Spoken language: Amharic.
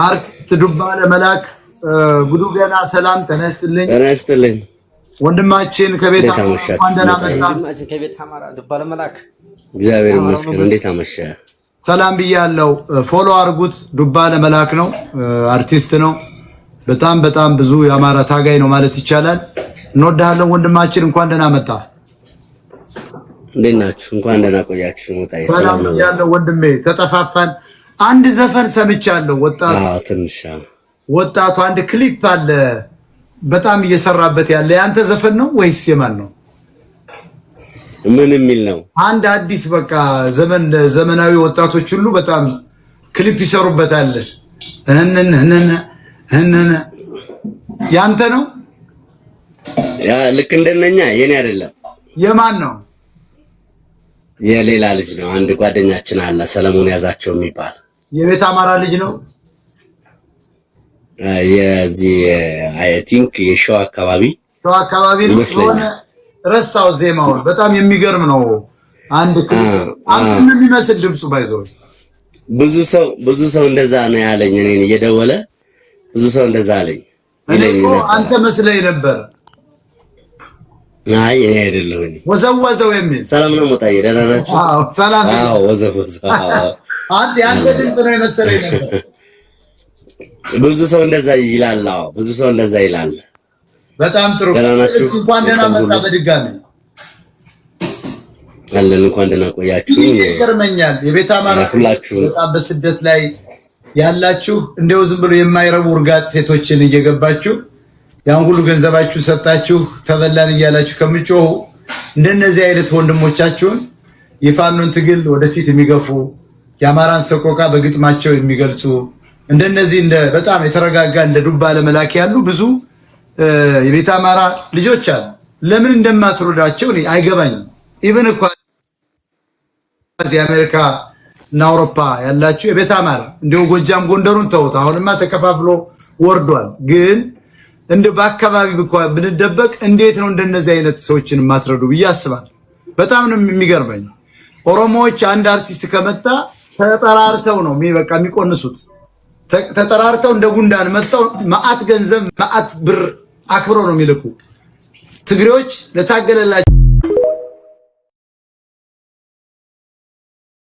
አርት ዱባለ መላክ ጉዱ ገና ሰላም ተነስተልኝ ተነስተልኝ ወንድማችን ከቤት እንኳን ደህና መጣህ። ከቤት አማራ ዱባለ መላክ እግዚአብሔር ይመስገን። እንዴት አመሸህ? ሰላም ብያለሁ። ፎሎ አርጉት። ዱባለ መላክ ነው፣ አርቲስት ነው። በጣም በጣም ብዙ የአማራ ታጋይ ነው ማለት ይቻላል። እንወድሃለን ወንድማችን፣ እንኳን ደህና መጣህ። እንዴት ናችሁ? እንኳን ደህና ቆያችሁ። ሰላም ነው ያለው ወንድሜ፣ ተጠፋፋን አንድ ዘፈን ሰምቻለሁ። ወጣቱ ትንሽ ወጣቱ አንድ ክሊፕ አለ በጣም እየሰራበት ያለ ያንተ ዘፈን ነው ወይስ የማን ነው? ምን የሚል ነው? አንድ አዲስ በቃ ዘመን ዘመናዊ ወጣቶች ሁሉ በጣም ክሊፕ ይሰሩበታል። እነነ እነነ ያንተ ነው? ያ ልክ እንደነኛ የኔ አይደለም። የማን ነው? የሌላ ልጅ ነው። አንድ ጓደኛችን አለ ሰለሞን ያዛቸው የሚባል የቤት አማራ ልጅ ነው። የዚህ አይ ቲንክ የሸዋ አካባቢ ሸዋ አካባቢ ሆነ። ረሳው ዜማውን በጣም የሚገርም ነው። አንድ አንድ የሚመስል ድምፁ ባይዘው ብዙ ሰው ብዙ ሰው እንደዛ ነው ያለኝ። እኔን እየደወለ ብዙ ሰው እንደዛ አለኝ። አንተ መስለኝ ነበር። አይ እኔ አይደለሁኝ። ወዘወዘው የሚል ሰላም ነው። ሞጣዬ ደህና ናችሁ? አዎ ሰላም። አዎ ወዘወዘው አንተ ያንተ ድምፅ ነው የመሰለኝ ነበር። ብዙ ሰው እንደዛ ይላል። አዎ ብዙ ሰው እንደዛ ይላል። በጣም ጥሩ። እስኪ እንኳን ደህና መጣ በድጋሚ አለን። እንኳን ደህና ቆያችሁ። ይገርመኛል የቤት አማራት ሁላችሁ በጣም በስደት ላይ ያላችሁ እንደው ዝም ብሎ የማይረቡ እርጋጥ ሴቶችን እየገባችሁ ያን ሁሉ ገንዘባችሁ ሰጣችሁ ተበላን እያላችሁ ከምጮሁ እንደነዚህ አይነት ወንድሞቻችሁን የፋኖን ትግል ወደፊት የሚገፉ የአማራን ሰቆቃ በግጥማቸው የሚገልጹ እንደነዚህ እንደ በጣም የተረጋጋ እንደ ዱባ ለመላክ ያሉ ብዙ የቤተ አማራ ልጆች አሉ። ለምን እንደማትረዳቸው እኔ አይገባኝም። ኢቭን እኮ የአሜሪካ እና አውሮፓ ያላችሁ የቤተ አማራ እንዲሁ ጎጃም ጎንደሩን ተውት፣ አሁንማ ተከፋፍሎ ወርዷል። ግን እንደ በአካባቢ ብኳ ብንደበቅ እንዴት ነው እንደነዚህ አይነት ሰዎችን የማትረዱ ብዬ አስባል በጣም ነው የሚገርመኝ። ኦሮሞዎች አንድ አርቲስት ከመጣ ተጠራርተው ነው በቃ የሚቆንሱት። ተጠራርተው እንደ ጉንዳን መጥተው መዓት ገንዘብ መዓት ብር አክብረው ነው የሚልኩ ትግሬዎች ለታገለላቸው